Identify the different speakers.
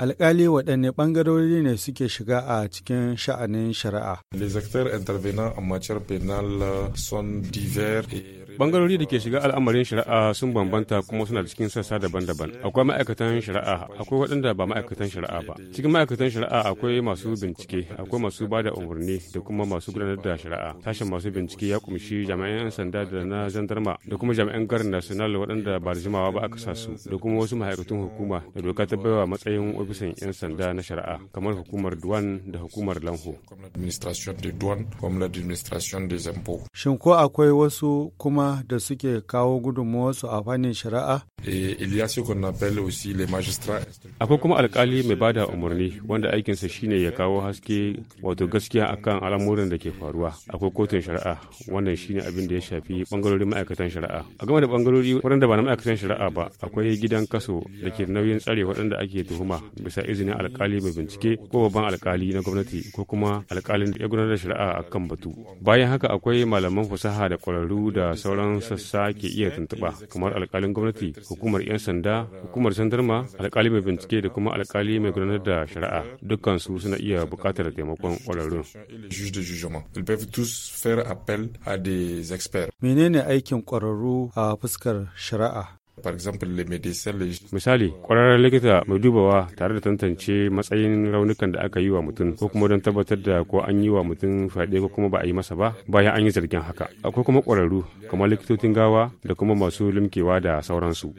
Speaker 1: alkali waɗanne ɓangarori ne suke shiga a cikin sha'anin shari'a. Les acteurs intervenants en matière pénale
Speaker 2: sont divers et bangarori da ke shiga al'amarin shari'a sun bambanta kuma suna da cikin sassa daban-daban akwai ma'aikatan shari'a akwai waɗanda ba ma'aikatan shari'a ba cikin ma'aikatan shari'a akwai masu bincike akwai masu bada da umarni da kuma masu gudanar da shari'a tashin masu bincike ya kumshi jami'an 'yan sanda da na zandarma da kuma jami'an garin national waɗanda ba da jimawa ba a sa su da kuma wasu ma'aikatan hukuma da doka ta baiwa matsayin ofisan 'yan sanda na shari'a kamar hukumar duwan da hukumar lanho
Speaker 1: shin ko akwai wasu kuma da suke kawo gudunmuwarsu a fannin shari'a?
Speaker 2: Eh, akwai kuma alkali mai bada umarni wanda aikinsa shine ya kawo haske wato gaskiya akan al'amuran da ke faruwa. Akwai kotun shari'a wannan shine abin da ya shafi bangarorin ma'aikatan shari'a. A game da bangarori waɗanda ba na ma'aikatan shari'a ba akwai gidan kaso da ke nauyin tsare waɗanda ake tuhuma bisa izinin alkali mai bincike ko babban alkali na gwamnati ko kuma alkalin da ya gudanar da shari'a akan batu. Bayan haka akwai malaman fasaha da kwararru da sauran sauran sassa ke iya tuntuɓa kamar alkalin gwamnati hukumar 'yan sanda hukumar sandarma alkali mai bincike da kuma alkali mai gudanar da shari'a dukkansu suna iya buƙatar taimakon ƙwararrun
Speaker 1: menene aikin ƙwararru a fuskar shari'a
Speaker 2: Misali, kwararren likita mai dubawa tare da tantance matsayin raunukan da aka yi wa mutum ko kuma don tabbatar da ko an yi wa mutum fyaɗe ko kuma ba a yi masa ba bayan an yi zargin haka. Akwai kuma kwararru kamar likitocin gawa da kuma masu limkewa da sauransu.